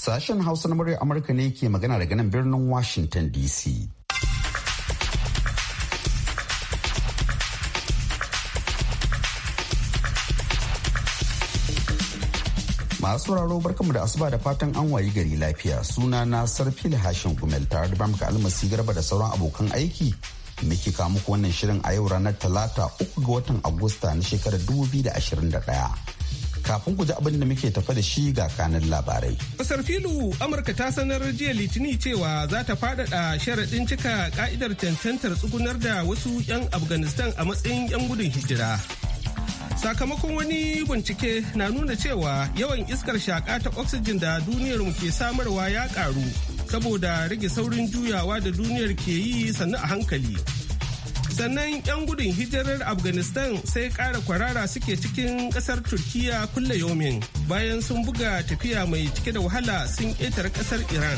Sashen Hausa na muryar Amurka ne ke magana daga nan birnin Washington DC. Masu sauraro barkanmu da asuba da fatan an wayi gari lafiya suna na sarfil hashin gumel tare da bamka almasi garba da sauran abokan aiki muke kawo muku wannan shirin a yau ranar talata uku ga watan agusta na shekarar 2021. kafin ku ji abin da muke tafa da shi ga kanin labarai. Kasar filu Amurka ta sanar jiya litini cewa za ta faɗaɗa sharaɗin cika ka'idar cancantar tsugunar da wasu 'yan Afghanistan a matsayin 'yan gudun hijira. Sakamakon wani bincike na nuna cewa yawan iskar shaƙa ta oxygen da duniyar mu ke samarwa ya ƙaru saboda rage saurin juyawa da duniyar ke yi sannu a hankali. sannan 'yan gudun hijirar afghanistan sai kara kwarara suke cikin kasar turkiya kulle yomin bayan sun buga tafiya mai cike da wahala sun ƙetare kasar iran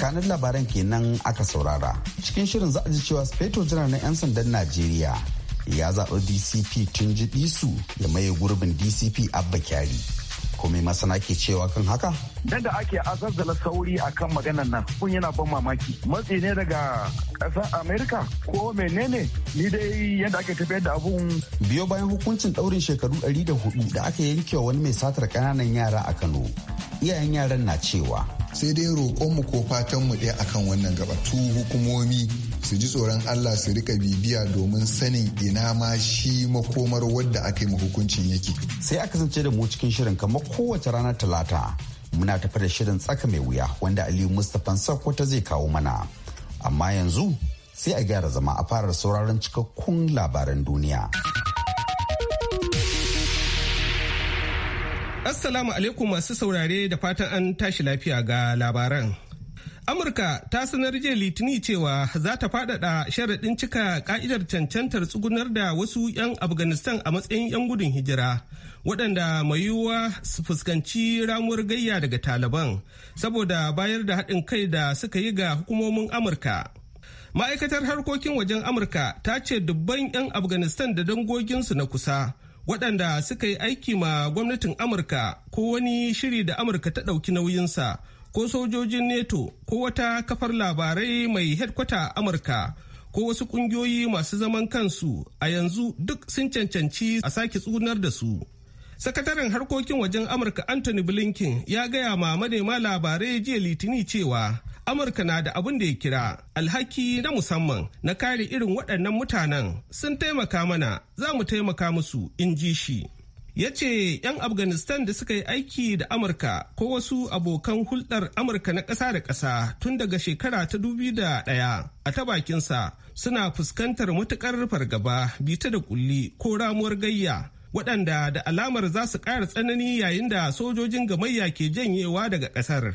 kanin labaran kenan aka saurara cikin shirin za a ji cewa speto jiran na 'yan sandan najeriya ya zaɓi dcp tun jiɗi su ya maye gurbin dcp abba kyari kuma masana ke cewa kan haka dan da ake azazzala sauri a kan maganan nan kun yana ban mamaki matsi ne daga ƙasar amerika ko menene ni dai yadda ake tafiyar da abun biyo bayan hukuncin ɗaurin shekaru 104 da aka yanke wani mai satar ƙananan yara a kano iyayen yaran na cewa sai dai roƙonmu ko fatan mu ɗaya akan wannan gaba tu hukumomi su ji tsoron Allah su rika bibiya domin sanin ina ma shi makomar wadda aka yi hukuncin yake. Sai aka zance da mu cikin shirin kamar kowace ranar talata muna tafi da shirin tsaka mai wuya wanda Aliyu Mustapha Sokoto zai kawo mana. Amma yanzu sai a gyara zama a fara sauraron cikakkun labaran duniya. Assalamu alaikum masu saurare da fatan an tashi lafiya ga labaran. Amurka ta sanar jiya litini cewa za ta faɗaɗa sharaɗin cika ƙa'idar cancantar tsugunar da wasu 'yan Afghanistan a matsayin 'yan gudun hijira, waɗanda mai yiwuwa su fuskanci ramuwar gayya daga Taliban, saboda bayar da haɗin kai da suka yi ga hukumomin Amurka. Ma'aikatar harkokin wajen Amurka ta ce dubban 'yan Afghanistan da dangoginsu na kusa. waɗanda suka yi aiki ma gwamnatin Amurka ko wani shiri da Amurka ta ɗauki nauyinsa ko sojojin neto ko wata kafar labarai mai hedkwata amurka ko wasu kungiyoyi masu zaman kansu a yanzu duk sun cancanci a sake tsunar da su sakataren harkokin wajen amurka anthony blinken ya gaya ma manema labarai jiya litini cewa amurka na da abin da ya kira alhaki na musamman na kare irin waɗannan mutanen sun taimaka mana za mu taimaka musu in ji shi ya ce 'yan afghanistan da suka yi aiki da amurka ko wasu abokan hulɗar amurka na ƙasa da ƙasa tun daga shekara ta dubi da ɗaya a ta bakinsa suna fuskantar matuƙar fargaba bita da kulli ko ramuwar gayya waɗanda da alamar za su ƙara tsanani yayin da sojojin gamayya ke janyewa daga ƙasar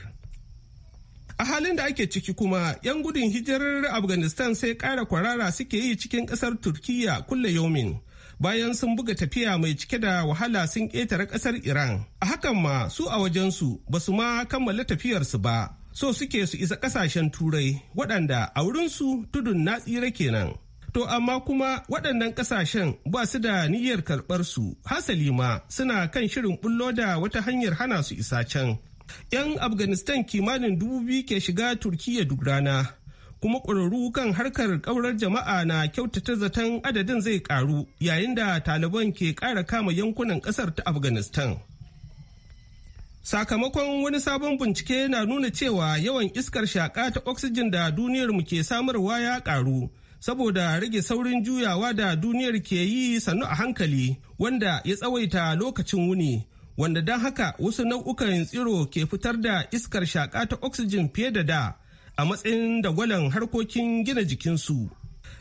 a halin da ake ciki kuma 'yan gudun hijirar afghanistan sai ƙara kwarara suke yi cikin ƙasar turkiya kulle yomin bayan sun buga tafiya mai cike da wahala sun ƙetare ƙasar Iran. A hakan ma su a wajensu ba su ma kammala tafiyarsu ba, so suke su isa ƙasashen turai waɗanda a wurinsu tudun na tsira kenan. To amma kuma waɗannan ƙasashen ba su da niyyar karɓar su, hasali ma suna kan shirin bullo da wata hanyar hana su isa can. 'Yan Afghanistan kimanin dubu biyu ke shiga Turkiyya duk rana. kuma ƙwararru kan harkar ƙaurar jama'a na kyautata zaton adadin zai ƙaru yayin da taliban ke ƙara kama yankunan ƙasar ta afghanistan sakamakon wani sabon bincike na nuna cewa yawan iskar shaƙa ta oxygen da duniyar mu ke samarwa ya ƙaru saboda rage saurin juyawa da duniyar ke yi sannu a hankali wanda ya tsawaita lokacin wuni wanda don haka wasu nau'ukan tsiro ke fitar da iskar shaƙa ta oxygen fiye da da a matsayin dagwalon harkokin gina jikinsu.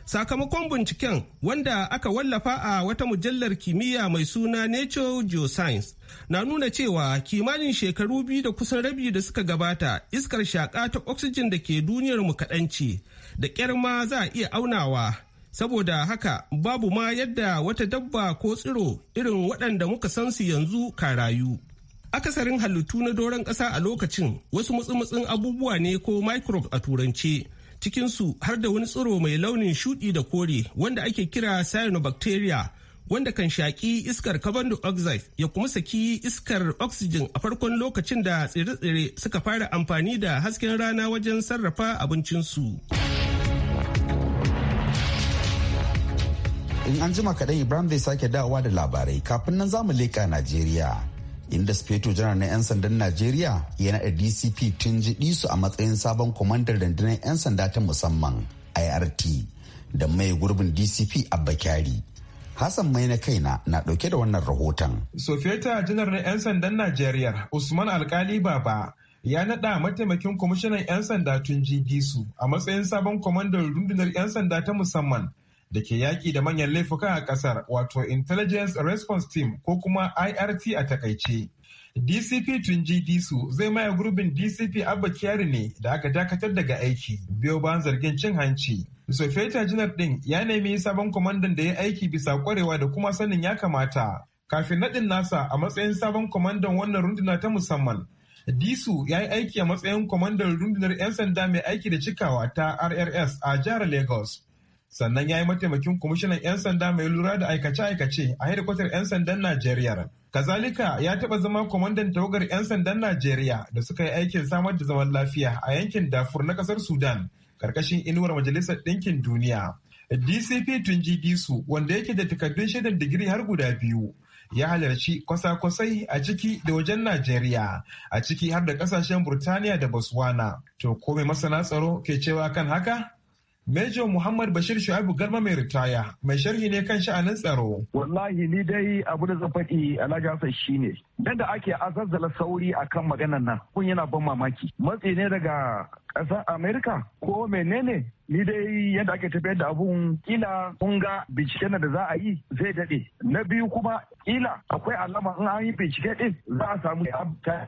Sakamakon binciken wanda aka wallafa a wata mujallar kimiyya mai suna Nature Geoscience na nuna cewa kimanin shekaru biyu da kusan rabi da suka gabata iskar shaƙa ta oxygen da ke duniyar mu ce da ƙyarma ma za a iya aunawa. Saboda haka babu ma yadda wata dabba ko tsiro irin waɗanda muka san su yanzu ka rayu. Akasarin halittu na doron ƙasa a lokacin wasu matsumatsun abubuwa ne ko microbe a turance. Cikinsu har da wani tsiro mai launin shuɗi da kore wanda ake kira cyanobacteria wanda kan shaƙi iskar carbon dioxide ya kuma saki iskar oxygen a farkon lokacin da tsire-tsire suka fara amfani da hasken rana wajen sarrafa abincinsu. In an jima kaɗan Ibrahim zai sake dawowa da labarai kafin nan zamu leƙa Najeriya. inda speto janar na 'yan sandan najeriya ya naɗa dcp tun ji su a matsayin sabon kwamandan rundunar 'yan sanda ta musamman irt da mai gurbin dcp abba kyari Hassan mai na kaina na ɗauke da wannan rahoton. Sofeta janar na 'yan sandan Najeriya Usman Alkali Baba ya naɗa mataimakin kwamishinan 'yan sanda tun jigisu a matsayin sabon kwamandan rundunar 'yan sanda ta musamman da ke yaƙi da manyan laifuka a ƙasar wato Intelligence Response Team ko kuma IRT a takaice. DCP Tunji Disu zai maye gurbin DCP Abba Kyari ne da aka dakatar daga aiki biyo bayan zargin cin hanci. Sofeta Janar ɗin ya nemi sabon kwamandan da ya aiki bisa kwarewa da kuma sanin ya kamata. Kafin naɗin nasa a matsayin sabon kwamandan wannan runduna ta musamman. Disu ya yi aiki a matsayin kwamandan rundunar 'yan sanda mai aiki da cikawa ta RRS a jihar Lagos. sannan ya yi mataimakin kwamishinan 'yan sanda mai lura da aikace-aikace a hedikwatar 'yan sandan Najeriya. Kazalika ya taɓa zama kwamandan tawagar 'yan sandan Najeriya da suka yi aikin samar da zaman lafiya a yankin dafur na ƙasar Sudan, karkashin inuwar Majalisar Ɗinkin Duniya. DCP Tunji Disu, wanda yake da takardun shaidar digiri har guda biyu, ya halarci kwasa-kwasai a ciki da wajen Najeriya, a ciki har da ƙasashen Burtaniya da Botswana. To, ko mai masana tsaro ke cewa kan haka? Mejo Muhammad Bashir Shu'aibu garma mai ritaya mai sharhi ne kan sha'anin tsaro. Wallahi ni dai abu da zan a Alhaji shi shine da ake azazzala sauri a kan maganar nan kun yana ban mamaki matsi ne daga ƙasar amerika ko menene ni dai yadda ake tafiyar da abun kila kun ga binciken da za a yi zai daɗe na biyu kuma kila akwai alama in an yi bincike din za a samu abta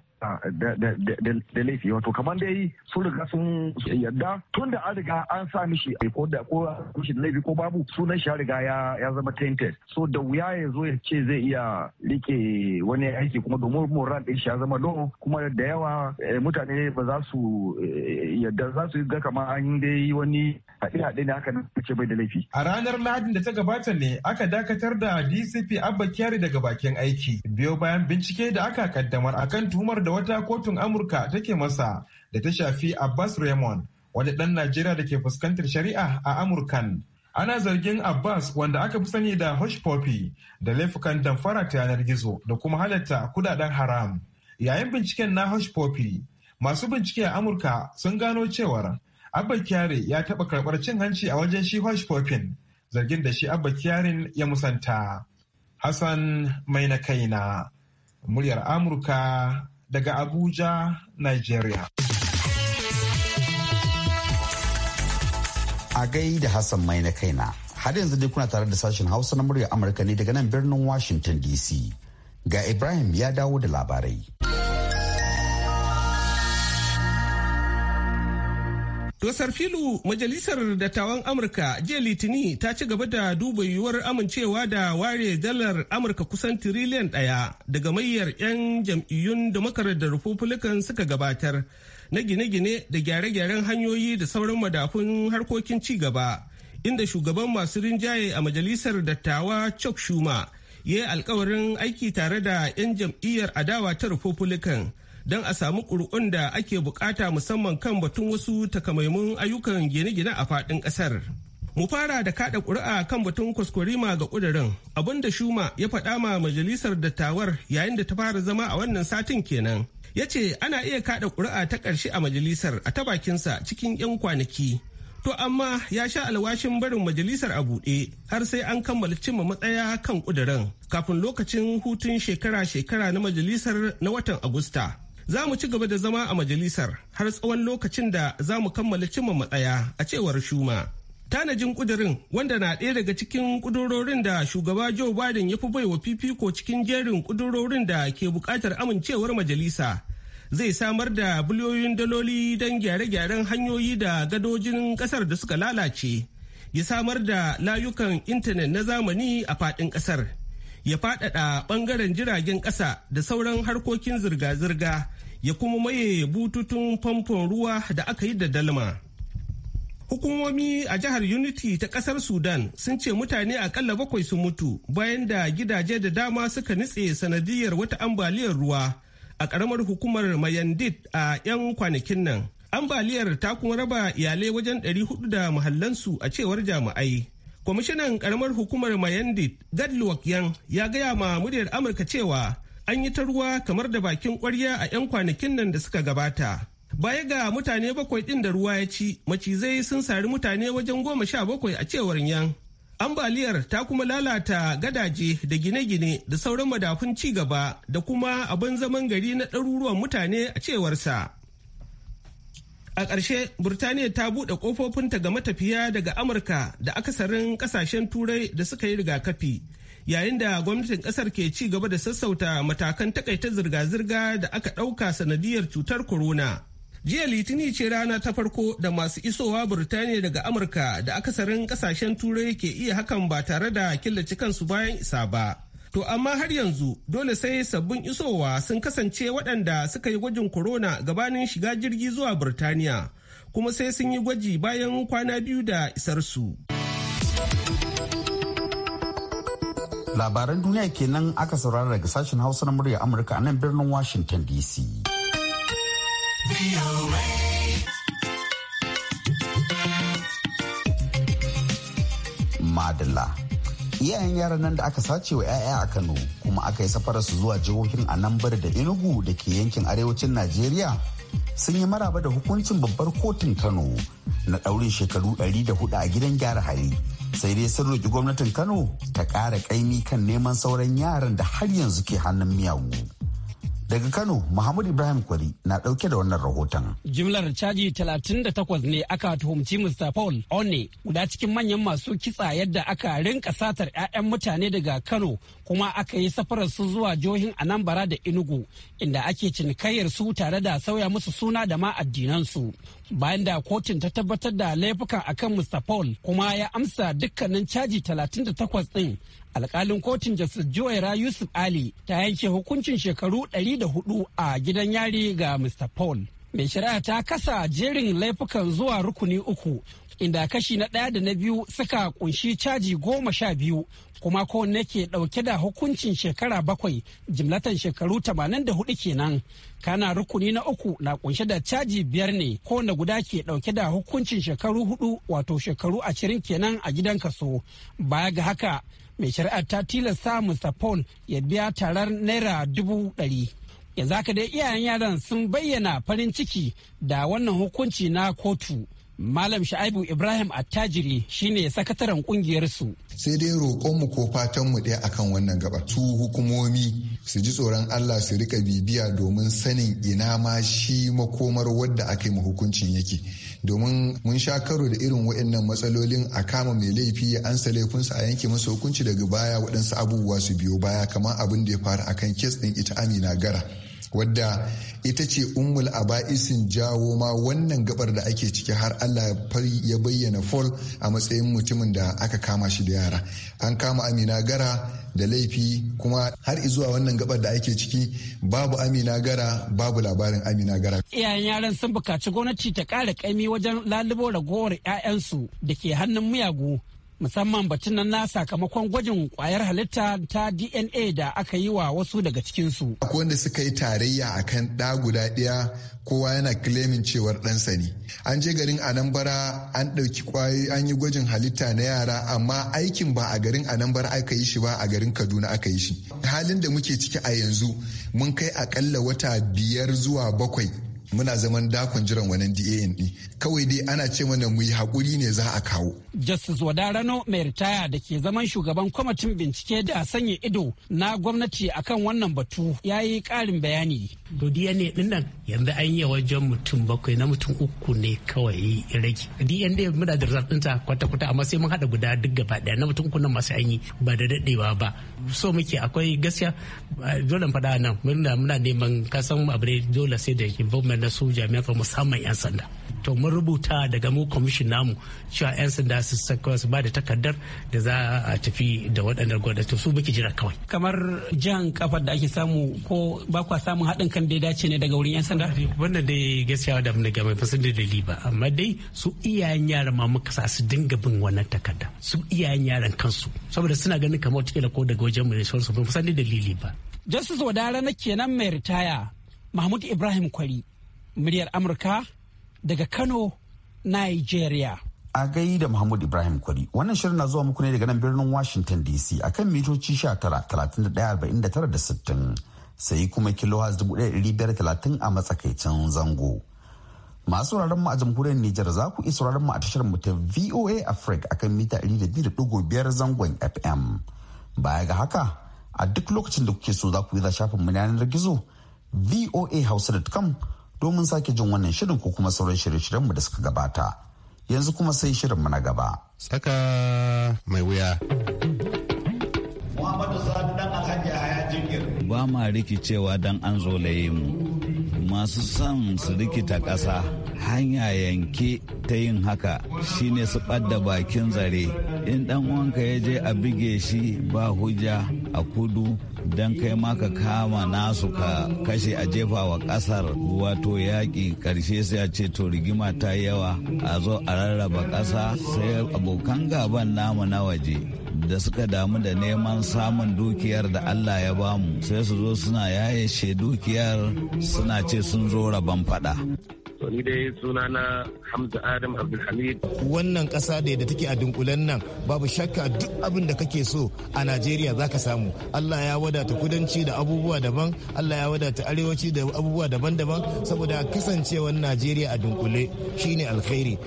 da laifi wato kamar dai sun riga sun yadda tun da an riga an sa mishi ko da ko mishi laifi ko babu sunan shi ya riga ya zama tainted so da wuya ya zo ya ce zai iya rike wani aiki kuma domin moral din shi ya zama low kuma da yawa eh, mutane ba za su eh, yadda za su ga kamar an dai wani haɗe-haɗe ne aka ce bai da laifi. A ranar Lahadin da ta gabata ne aka dakatar da DCP Abba Kyari daga bakin aiki biyo bayan bincike da aka kaddamar akan tuhumar da wata kotun Amurka take masa da ta shafi Abbas Raymond wani ɗan Najeriya da ke fuskantar shari'a a Amurkan. ana zargin abbas wanda aka fi sani da hush poppy da laifukan damfara ta yanar gizo da kuma halatta kudaden haram yayin binciken na hush poppy masu bincike a amurka sun gano cewar abba kyare ya taɓa karɓar cin hanci a wajen shi hush poppin zargin da shi abba kyarin ya musanta hassan mai na kaina muryar amurka daga abuja nigeria a gai da Hassan mai na kaina. Har yanzu dai kuna tare da sashen Hausa na murya Amurka ne daga nan birnin Washington DC. Ga Ibrahim ya dawo da labarai. Dosar filu Majalisar Dattawan Amurka jiya Litini ta ci gaba da duba yiwuwar amincewa da ware dalar Amurka kusan tiriliyan daya daga mayyar 'yan jam'iyyun da makarar da Republican suka gabatar. na gine-gine da gyare-gyaren hanyoyi da sauran madafun harkokin ci gaba inda shugaban masu rinjaye a majalisar dattawa Chuck shuma ya yi alkawarin aiki tare da 'yan jam'iyyar adawa ta Republican don a samu ƙuri'un da ake bukata musamman kan batun wasu takamaimun ayyukan gine-gine a faɗin ƙasar. mu fara da kada ƙuri'a kan batun kwaskwarima ga ƙudurin abinda shuma ya faɗa ma majalisar dattawar yayin da ta fara zama a wannan satin kenan ya ce ana iya kada ƙuri'a ta ƙarshe a majalisar a ta bakinsa cikin 'yan kwanaki to amma ya sha alwashin barin majalisar a buɗe har sai an kammala cimma matsaya kan ƙudurin kafin lokacin hutun shekara-shekara na majalisar na watan agusta za mu ci gaba da zama a majalisar har tsawon lokacin da za mu kammala cimma matsaya a cewar shuma tanajin kudirin wanda na ɗaya daga cikin kudurorin da shugaba joe biden ya fi baiwa fifiko cikin jerin kudurorin da ke buƙatar amincewar majalisa zai samar da biliyoyin daloli don gyare-gyaren hanyoyi da gadojin ƙasar da suka lalace ya samar da layukan intanet na zamani a faɗin ƙasar ya faɗaɗa ɓangaren jiragen ƙasa da sauran harkokin zirga-zirga ya kuma maye bututun famfon ruwa da aka yi da dalma. Hukumomi a jihar Unity ta kasar Sudan sun ce mutane akalla bakwai sun mutu bayan da gidaje da dama suka nitse sanadiyar wata ambaliyar ruwa a ƙaramar hukumar Mayandit a 'yan kwanakin nan. Ambaliyar ta kuma raba iyalai wajen 400 da muhallansu a cewar jami'ai. Kwamishinan ƙaramar hukumar Mayandit Gadluwak Yan ya gaya ma muryar Amurka cewa an yi ta ruwa kamar da bakin ƙwarya a 'yan kwanakin nan da suka gabata. Baya ga mutane bakwai ɗin da ruwa ya ci, macizai sun sari mutane wajen goma sha bakwai a cewar yan. Ambaliyar ta kuma lalata gadaje da gine-gine da sauran madafun ci gaba da kuma abin zaman gari na ɗaruruwan mutane a cewarsa. A ƙarshe, Burtaniya ta buɗe ƙofofinta ga matafiya daga Amurka da akasarin ƙasashen Turai da suka yi rigakafi. yayin da gwamnatin ƙasar ke ci gaba da sassauta matakan takaita zirga-zirga da aka ɗauka sanadiyar cutar corona. jiya litini ce rana ta farko da masu isowa burtaniya daga amurka da akasarin kasashen turai ke iya hakan ba tare da killace kansu bayan isa ba to amma har yanzu dole sai sabbin isowa sun kasance waɗanda suka yi gwajin corona gabanin shiga jirgi zuwa burtaniya kuma sai sun yi gwaji bayan kwana biyu da isarsu labaran duniya kenan aka saurara daga sashen hausa na murya amurka a nan birnin washington dc Madala Iyayen yaran nan da aka sace wa 'ya'ya a Kano kuma aka yi safarar su zuwa jihohin Anambra da Enugu da ke yankin arewacin Najeriya sun yi maraba da hukuncin babbar kotun Kano na ɗaurin shekaru 104 a gidan gyara hali. Sai dai sun roƙi gwamnatin Kano ta ƙara ƙaimi kan neman sauran yaran da har yanzu ke hannun miyagu. Daga Kano, Muhammad Ibrahim Kwari na ɗauke da wannan rahoton. Jimlar caji 38 ne aka tuhumci Mr. Paul onne guda cikin manyan masu kitsa yadda aka rinka satar 'ya'yan mutane daga Kano kuma aka yi safarar su zuwa jihohin anambara da inugu inda ake cinikayyar su tare da sauya musu suna da ma addinansu. Bayan da kotun ta tabbatar da laifukan akan Mr. Paul kuma ya amsa dukkanin caji 38 ɗin alkalin kotun justice joera yusuf ali ta yanke hukuncin shekaru 104 a gidan yari ga mr paul mai shari'a ta kasa jerin laifukan zuwa rukuni uku inda kashi na ɗaya da na biyu suka kunshi caji goma sha biyu kuma kowanne ke ɗauke da hukuncin shekara bakwai jimlatan shekaru da hudu kenan kana rukuni na uku na kunshe da caji biyar ne kowanne guda ke ɗauke da hukuncin shekaru hudu wato shekaru ashirin kenan a gidan kaso baya ga haka mai shari'ar ta tilasta mr paul ya biya tarar naira dubu ɗari yanzu haka dai iyayen yaran sun bayyana farin ciki da wannan hukunci na kotu Malam Sha'ibu Ibrahim Attajiri shine sakataren kungiyar su. Sai dai roƙonmu ko fatanmu ɗaya akan wannan gaba. Su hukumomi su ji tsoron Allah su rika bibiya domin sanin ina ma shi makomar wadda aka yi hukuncin yake. domin mun sha karo da irin waɗannan matsalolin a kama mai laifi ya ansa laifinsa a yanke masa hukunci daga baya waɗansu abubuwa su biyo baya kamar abin da ya faru akan kes ɗin ita amina gara wadda ita ce umul a aba'isin jawo ma wannan gabar da ake ciki har Allah ya bayyana fall a matsayin mutumin da aka kama shi da yara an kama amina gara da laifi kuma har izuwa wannan gabar da ake ciki babu amina gara babu labarin amina gara iyayen yaran sun bukaci gwamnati ta kara kaimi wajen lalubo ragowar 'ya'yansu da ke hannun miyagu musamman batun nan na sakamakon gwajin kwayar halitta ta dna da aka yi wa wasu daga cikinsu akwai wanda suka yi tarayya akan ɗa guda ɗaya kowa yana kilemin cewar ɗansa ne an je garin anambara an ɗauki kwayoyi an yi gwajin halitta na yara amma aikin ba a garin anambara aka yi shi ba a garin kaduna aka yi shi halin da muke ciki a yanzu mun kai akalla wata biyar zuwa bakwai muna zaman dakon jiran wannan DAN ɗin kawai dai ana ce mana mu yi haƙuri ne za a kawo. Justice Wadarano mai ritaya da ke zaman shugaban kwamitin bincike da sanya ido na gwamnati akan wannan batu ya yi ƙarin bayani. To DNA ɗin nan yanzu an yi wajen mutum bakwai na mutum uku ne kawai ya rage. DNA muna da result ɗinta kwata-kwata amma sai mun haɗa guda duk gaba ɗaya na mutum uku nan masu an yi ba da daɗewa ba. So muke akwai gaskiya dole faɗa nan muna neman kasan abu ne dole sai da ke na su jami'an tsaro musamman 'yan sanda to mun rubuta daga mu kwamishin namu cewa 'yan sanda su saka su ba da takardar da za a tafi da waɗannan gwamnati su baki jira kawai kamar jan kafar da ake samu ko ba kwa samun haɗin kan da ya dace ne daga wurin 'yan sanda wannan dai gaskiya da mun daga mai fasin da dalili ba amma dai su iyayen yaran ma muka sa su dinga bin wannan takarda su iyayen yaran kansu saboda suna ganin kamar wata ko daga wajen mu ne su ba mu san dalili ba Justice Wadara na kenan mai ritaya Mahmud Ibrahim Kwari muryar Amurka daga Kano, Nigeria. A gai da Muhammadu Ibrahim Kwari, wannan shirin na zuwa muku ne daga nan birnin Washington DC akan mitoci 19, 31, da sai kuma kilohaz 1530 a matsakaicin zango. Masu wuraren mu a jamhuriyar Nijar za ku isa wuraren mu a tashar mu ta VOA Africa akan mita 200.5 zangon FM. Baya ga haka, a duk lokacin da kuke so za ku yi za shafin mu yanar gizo voahausa.com domin sake jin wannan shirin ko kuma sauran shirye mu da suka gabata. Yanzu kuma sai shirin na gaba. Tsaka mai wuya. Muhammadu Sadu dan Alhaji Haya Jingir. Ba ma rikicewa dan an zolaye mu. Masu son su rikita kasa. hanya yanke ta yin haka shine su ɓadda bakin zare. In ɗan wanka ya je a bige shi ba hujja a kudu don kai maka kama nasu ka kashe a jefa wa kasar wato yaƙi ƙarshe sai a ce to rigima ta yawa a zo a rarraba ƙasa sai abokan gaban namu na waje da suka damu da neman samun dukiyar da Allah ya bamu sai su zo suna yaye dukiyar suna ce sun zo rabon fada ni dai suna na hamza adam abdulhamid wannan ƙasa da da take a dunkulen nan babu shakka duk abin da kake so a najeriya zaka samu allah ya wadata kudanci da abubuwa daban allah ya wadata arewaci da abubuwa daban-daban saboda kasancewar najeriya a dunkule shine alkhairi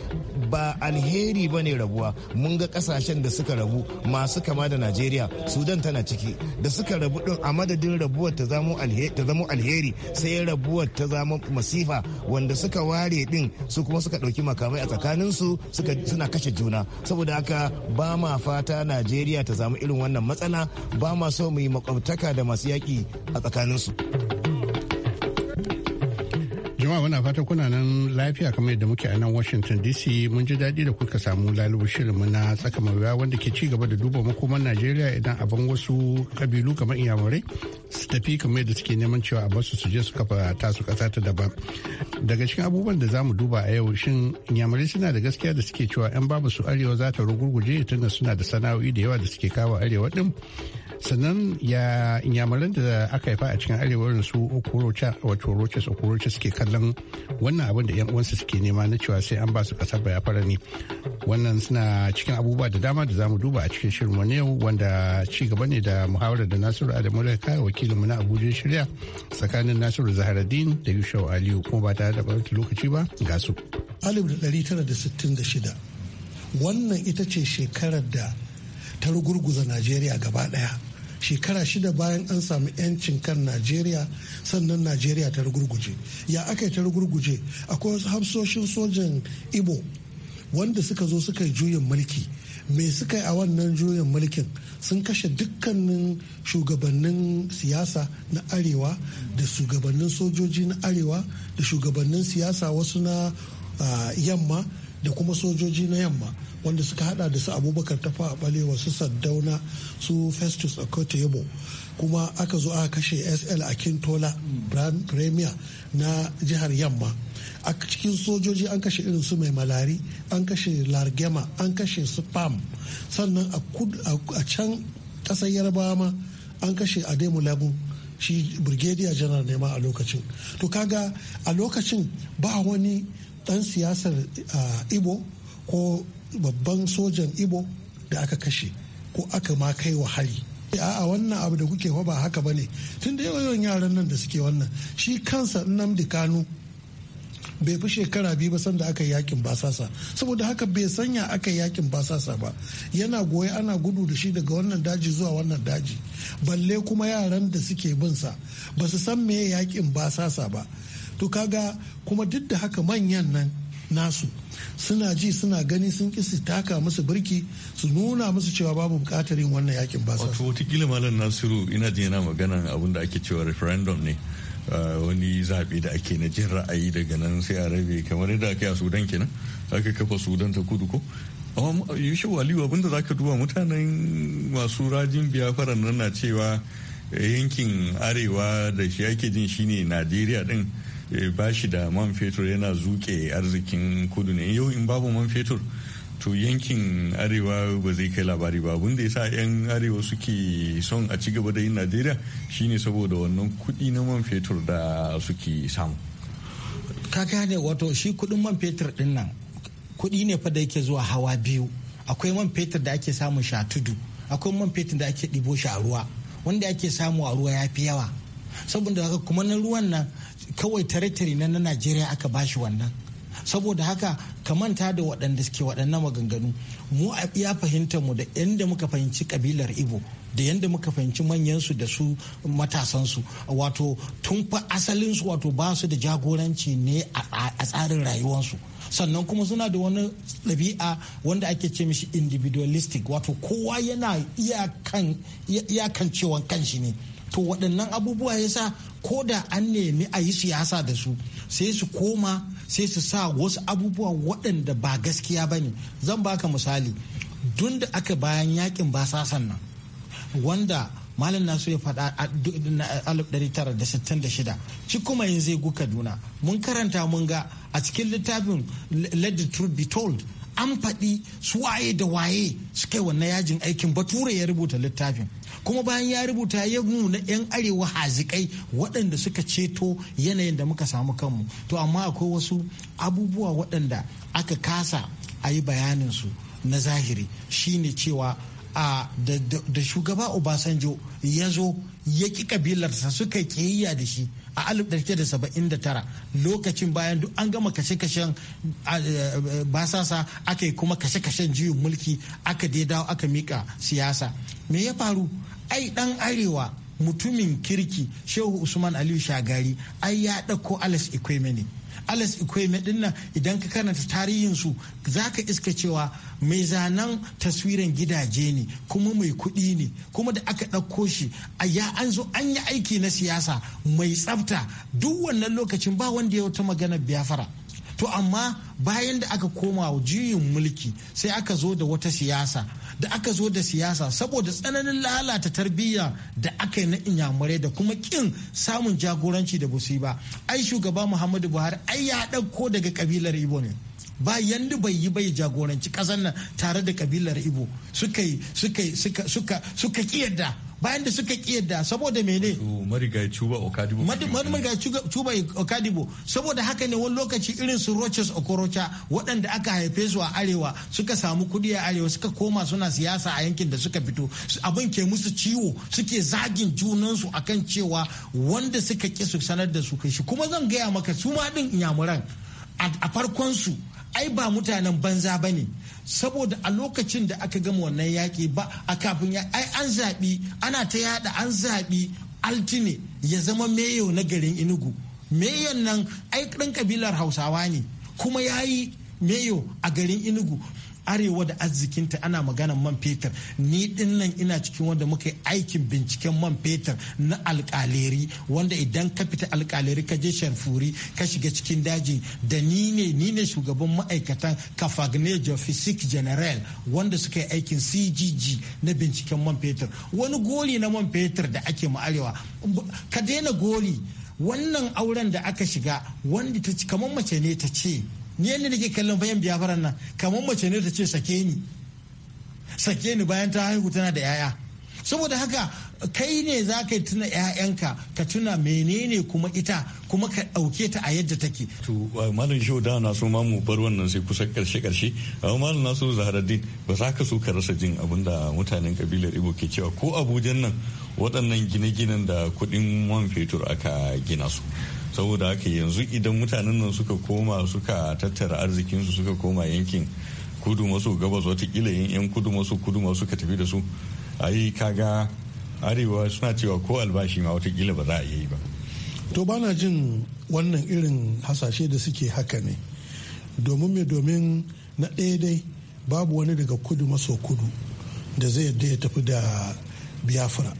ba alheri ba ne rabuwa mun ga kasashen da suka rabu masu kama da najeriya sudan tana ciki da suka rabu din a madadin rabuwar ta zamo alheri sai rabuwar ta zama masifa wanda suka ware din su kuma suka ɗauki makamai a tsakaninsu suna kashe juna saboda haka ba ma fata najeriya ta samu irin wannan matsala ba ma so mu yi makwabtaka da masu yaƙi a tsakanin su. jama'a muna fata kuna nan lafiya kamar yadda muke a nan washington dc mun ji daɗi da kuka samu lalubu shirinmu na tsaka mawuya wanda ke ci gaba da duba makoman najeriya idan abin wasu kabilu kamar iyamurai su tafi kamar yadda suke neman cewa a basu su je su kafa tasu ƙasa ta daban daga cikin abubuwan da za mu duba a yau shin iyamurai suna da gaskiya da suke cewa yan babu su arewa za ta rugurguje tunda suna da sana'o'i da yawa da suke kawo arewa din sannan ya da aka haifa a cikin arewar su okorocha wato roches okorocha suke kallon wannan abin da yan uwansu suke nema na cewa sai an ba su kasar baya fara ne wannan suna cikin abubuwa da dama da zamu duba a cikin shirin wani yau wanda ci gaba ne da muhawarar da nasiru adamu da kai wakilin mu na abuja shirya tsakanin nasiru zaharaddin da yushau aliyu kuma ba tare da ɓarki lokaci ba ga su. shida wannan ita ce shekarar da ta rugurguza najeriya gaba daya shekara shida bayan an samu 'yancin kan najeriya sannan najeriya ta rugurguje ya aka yi ta rugurguje akwai wasu hamsoshin sojan ibo wanda suka zo suka yi juyin mulki me suka yi a wannan juyin mulkin sun kashe dukkanin shugabannin siyasa na arewa da shugabannin sojoji na arewa da shugabannin siyasa wasu na ah, yamma da kuma sojoji na yamma wanda suka hada da su abubakar tafa a balewa su saddauna su festus a kotebo kuma aka zo aka kashe sl a kintola premier na jihar yamma a cikin sojoji an kashe irin su mai malari an kashe largema an kashe su pam sannan a can kasar yarbawa ma an kashe ademulegun shi brigadier general nema a lokacin to kaga a lokacin ba wani ɗan siyasar ibo ko babban sojan ibo da aka kashe ko aka ma kai wa hari a'a wannan abu da kuke fa ba haka ba ne tun da yawan yaran nan da suke wannan shi kansa nnamdi kanu bai fi shekara biyu ba sanda aka yakin basasa saboda haka bai sanya aka yakin basasa ba yana goye ana gudu da shi daga wannan daji zuwa wannan daji balle kuma yaran da suke bin ba su san me yakin basasa ba to kaga kuma duk da haka manyan nan nasu suna ji suna gani sun ki su taka musu birki su nuna musu cewa babu bukatar yin wannan yakin ba wato wata malam nasiru ina jin yana magana abin da ake cewa referendum ne wani zaɓe da ake na jin ra'ayi daga nan sai a rabe kamar yadda aka a sudan kenan aka kafa sudan ta kudu ko amma yushe waliyu abinda za ka duba mutanen masu rajin biyafaran nan na cewa yankin arewa da shi ake jin shine najeriya din Eh, bashi da man fetur yana zuke arzikin kudu ne yau in babu man fetur to yankin arewa ba zai kai labari ba abinda da ya sa 'yan arewa suke son a ci gaba da yin najeriya shine saboda wannan kudi na man fetur da suke samu ka gane wato shi kudin man fetur din nan kuɗi ne fa da yake zuwa hawa biyu akwai man fetur da ake samun sha tudu akwai man fetur da ake ɗibo shi a ruwa wanda ake samu a ruwa ya fi yawa saboda kuma na ruwan nan kawai tare na najeriya aka bashi wannan saboda haka ka manta da waɗanda suke waɗannan maganganu mu a iya fahimta mu da yadda muka fahimci kabilar ibo da yadda muka fahimci manyansu da su matasansu wato tun fa asalinsu wato ba su da jagoranci ne a tsarin rayuwarsu sannan kuma suna da wani ɗabi'a wanda ake ce mishi individualistic wato kowa yana iyakan cewan kanshi ne to waɗannan abubuwa ya sa ko da an nemi a yi siyasa da su sai su koma sai su sa wasu abubuwa waɗanda ba gaskiya ba ne zan baka misali dun da aka bayan yakin basasan nan wanda malam nasu ya faɗa a 1966 cikuma yin zai gu kaduna mun karanta mun ga a cikin littafin let the truth be told an faɗi su waye da waye su kai wannan yajin aikin bature ya rubuta littafin kuma bayan ya rubuta ya nuna 'yan arewa hazikai waɗanda suka ceto yanayin da muka samu kanmu to amma akwai wasu abubuwa waɗanda aka kasa a yi bayaninsu na zahiri shine cewa da shugaba obasanjo ya zo ya ƙi kabilarsa suka ƙiyayya da shi a 1979 lokacin bayan duk an gama kashe-kashen basasa aka yi kuma kashe-kashen juyin mulki aka dai dawo aka mika siyasa me ya faru ai dan arewa mutumin kirki shehu usman aliyu shagari ai ya ɗauko alas ikwemeni alas ikweme dinnan idan ka karanta tarihinsu za ka iska cewa mai zanen taswiran gidaje ne kuma mai kuɗi ne kuma da aka ɗauko shi a ya an zo an yi aiki na siyasa mai tsafta duk wannan lokacin ba wanda ya wata magana biyafara to amma bayan da aka koma juyin mulki sai aka zo da wata siyasa da aka zo da siyasa saboda tsananin lalata tarbiyya da aka yi na inyamurai da kuma kin samun jagoranci da busi ba ai shugaba muhammadu buhari ai ya ɗauko daga kabilar ibo ne ba yanda bai yi bai jagoranci ƙasar nan tare da kabilar ibo suka suka suka suka suka bayan da suka kiyarda saboda mene marigayi cuba okadibo saboda haka ne wani lokaci irin su roches okorocha waɗanda aka haife su a arewa suka samu kuɗi a arewa suka koma suna siyasa a yankin da suka fito abin ke musu ciwo suke zagin junansu akan cewa wanda suka ki su sanar da su shi kuma zan gaya maka su ma ɗin a farkon su ai ba mutanen banza ba ne saboda a lokacin da aka gama wannan yaƙi ba a kafin ya ai an zaɓi ana ta yada an zaɓi altine ya zama meyo na garin inugu meyon nan ai ɗan kabilar hausawa ne kuma ya yi meyo a garin inugu arewa da arzikinta ana maganan man fetur ni din nan ina cikin wanda muka aikin binciken man fetur na alkaleri wanda idan ka fita alkaleri ka je shanfuri ka shiga cikin daji da ni ne ni ne shugaban ma'aikatan kafagnejo fisik general wanda suka yi aikin cgg na binciken man fetur wani goli na man fetur da ake ma arewa ka daina goli wannan auren da aka shiga wanda ta kamar mace ne ta ce ni yadda nake kallon bayan biyafaran nan kamar mace ne ta ce sake ni sake ni bayan ta haihu tana da yaya saboda haka kai ne za ka tuna 'ya'yanka ka tuna menene kuma ita kuma ka ɗauke ta a yadda take. to malam shehu da na so mu bar wannan sai kusa karshe karshe amma malam na so zaharaddin ba za ka so ka rasa jin abin da mutanen kabilar ibo ke cewa ko abujan nan waɗannan gine-ginen da kuɗin man fetur aka gina su saboda haka yanzu idan mutanen nan suka koma suka tattara arzikinsu suka koma yankin kudu maso gabas watakila yin yan kudu maso kudu maso suka tafi da su ai kaga arewa suna cewa ko albashi ma watakila ba za a yi ba to bana jin wannan irin hasashe da suke haka ne domin me domin na ɗaya dai babu wani daga kudu maso kudu da zai yadda ya tafi da biafra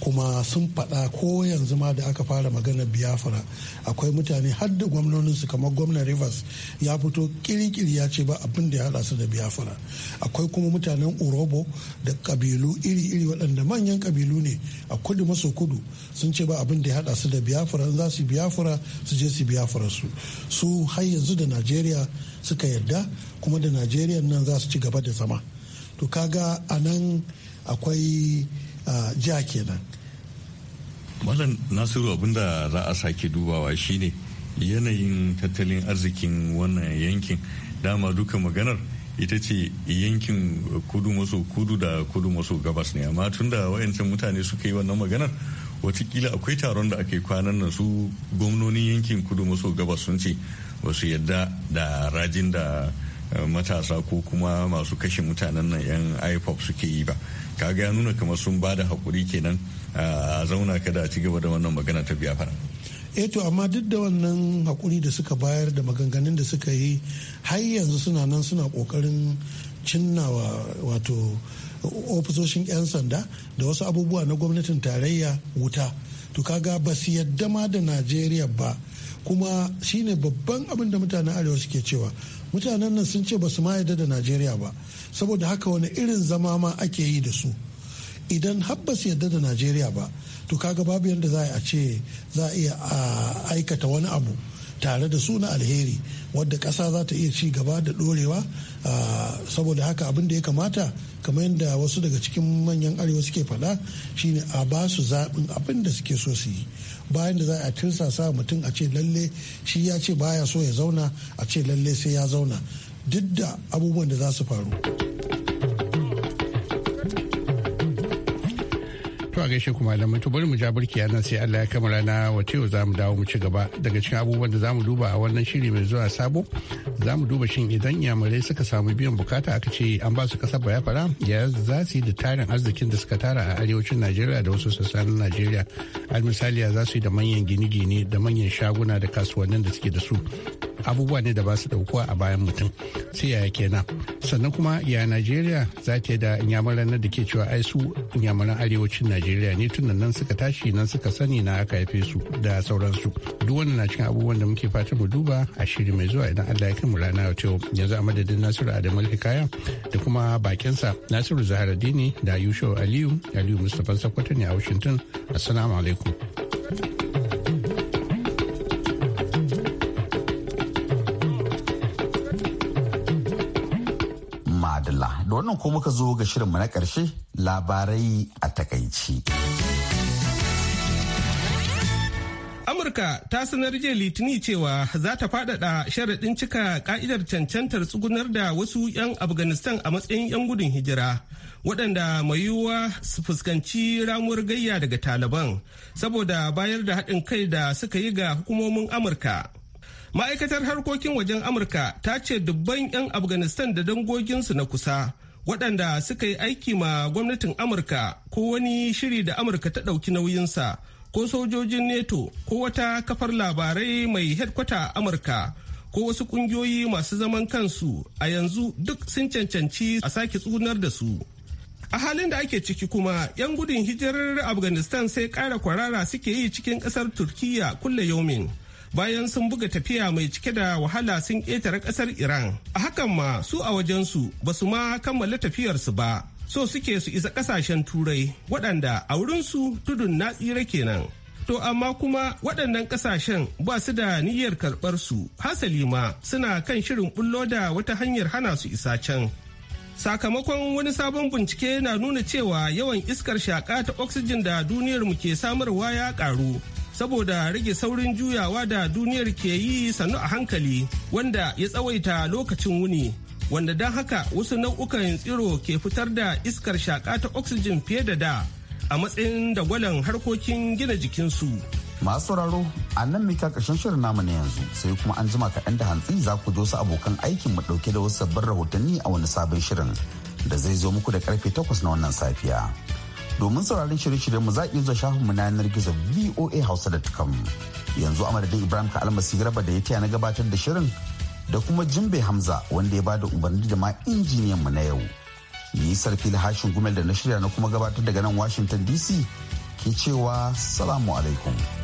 kuma sun faɗa ko yanzu ma da aka fara magana biyafara akwai mutane har da gwamnoninsu kamar gwamnan rivers ya fito kirikiri ya ce ba abin da ya haɗa su da biafra akwai kuma mutanen urobo da kabilu iri-iri waɗanda manyan kabilu ne a kudu maso kudu sun ce ba abin da ya haɗa su da biafra za su biafra su je su biafra su su har yanzu da najeriya suka yadda kuma da najeriya nan za su ci gaba da zama to kaga a nan akwai a jiha kenan malam nasiru abin da za a sake dubawa shine yanayin tattalin arzikin wannan yankin dama duka maganar ita ce yankin kudu maso kudu da kudu maso gabas ne amma tun da wayancan mutane suka yi wannan maganar watakila akwai taron da ake kwanan nan su gwamnonin yankin kudu maso gabas sun ce wasu yadda da rajin da Eh, matasa ko kuma masu kashe mutanen nan yan ipop suke yi ba kaga ya nuna kamar sun ba da haƙuri kenan eh, a zauna kada a ci gaba da wannan magana ta biya fara eto eh amma duk da wannan haƙuri da suka bayar da maganganun da suka yi har yanzu suna nan suna ƙoƙarin cinnawa wato ofisoshin 'yan sanda da wasu abubuwa na gwamnatin tarayya wuta to kaga ba su yadda ma da najeriya ba kuma shine babban abin da mutanen arewa suke cewa mutanen nan sun ce ba su ma yarda da najeriya ba saboda haka wani irin zama ma ake yi da su idan har ba su yarda da najeriya ba to kaga babu yadda za a ce za a iya aikata wani abu tare da su na alheri wadda ƙasa za ta iya ci gaba da ɗorewa saboda haka abin da ya kamata kamar yadda wasu daga cikin manyan arewa suke faɗa shine a ba su zaɓin abin da suke so su yi bayan da za a sa mutum a ce lalle shi ya ce baya so ya zauna a ce lalle sai ya zauna duk da abubuwan da za su faru. a gaishe ku malamai to bari mu ja burki nan sai Allah ya kamala na wace za mu dawo mu ci gaba daga cikin abubuwan da zamu duba a wannan shiri mai zuwa sabo zamu duba shin idan yamurai suka samu biyan bukata aka ce an ba su kasar bayafara ya za su yi da tarin arzikin da suka tara a arewacin Najeriya da wasu sassan Najeriya al misali za su yi da manyan gine-gine da manyan shaguna da kasuwannin da suke da su abubuwa ne da ba su daukuwa a bayan mutum sai yaya kenan sannan kuma ya Najeriya za ta yi da inyamuran da ke cewa ai su inyamuran arewacin Najeriya najeriya ne tun nan suka tashi nan suka sani na aka haife su da sauransu duk wannan na cikin abubuwan da muke fata mu duba a shiri mai zuwa idan allah ya kai mu rana yau yanzu a madadin nasiru adamu hikaya da kuma bakinsa nasiru zaharaddini da yusuf aliyu aliyu mustapha sakwato ne a washington assalamu alaikum wannan ko muka zo ga shirinmu na ƙarshe labarai a takaici. Amurka ta sanar jiya Litini cewa za ta faɗaɗa sharaɗin cika ƙa'idar cancantar tsugunar da wasu 'yan Afghanistan a matsayin 'yan gudun hijira waɗanda mai yiwuwa su fuskanci ramuwar gayya daga Taliban saboda bayar da haɗin kai da suka yi ga hukumomin Amurka. Ma'aikatar harkokin wajen Amurka ta ce dubban 'yan Afghanistan da dangoginsu na kusa waɗanda suka yi aiki ma gwamnatin amurka ko wani shiri da amurka ta ɗauki nauyinsa ko sojojin neto ko wata kafar labarai mai hedkwata a amurka ko wasu ƙungiyoyi masu zaman kansu a yanzu duk sun cancanci a sake tsunar da su a halin da ake ciki kuma 'yan gudun hijirar afghanistan sai ƙara kwarara suke yi cikin ƙasar turkiya kulle yomin bayan sun buga tafiya mai cike da wahala sun ƙetare ƙasar iran a hakan ma su a wajensu ba su ma kammala tafiyarsu ba so suke su isa ƙasashen turai waɗanda a wurinsu tudun na tsira kenan to amma kuma waɗannan ƙasashen ba su da niyyar karɓar su hasali ma suna kan shirin bullo da wata hanyar hana su isa can sakamakon wani sabon bincike na nuna cewa yawan iskar shaƙa ta oxygen da duniyarmu ke samarwa ya ƙaru saboda rage saurin juyawa da duniyar ke yi sannu a hankali wanda ya tsawaita lokacin wuni wanda don haka wasu nau'ukan tsiro ke fitar da iskar shaka ta oxygen fiye da da a matsayin dagwalon harkokin gina jikinsu. masu sauraro a nan mai karshen shirin namu na yanzu sai kuma an jima kaɗan da hantsi za ku wasu abokan aikin mu ɗauke da wasu sabbin rahotanni a wani sabon shirin da zai zo muku da karfe takwas na wannan safiya. domin sauraron shirye-shiryen mu za a iya shafin mu na yanar gizo voa hausa.com yanzu a ibrahim ka almasi garba da ya taya na gabatar da shirin da kuma jimbe hamza wanda ya bada umarni da ma injiniyan mu na yau ni sarfil hashin gumel da na shirya na kuma gabatar daga nan washington dc ke cewa salamu alaikum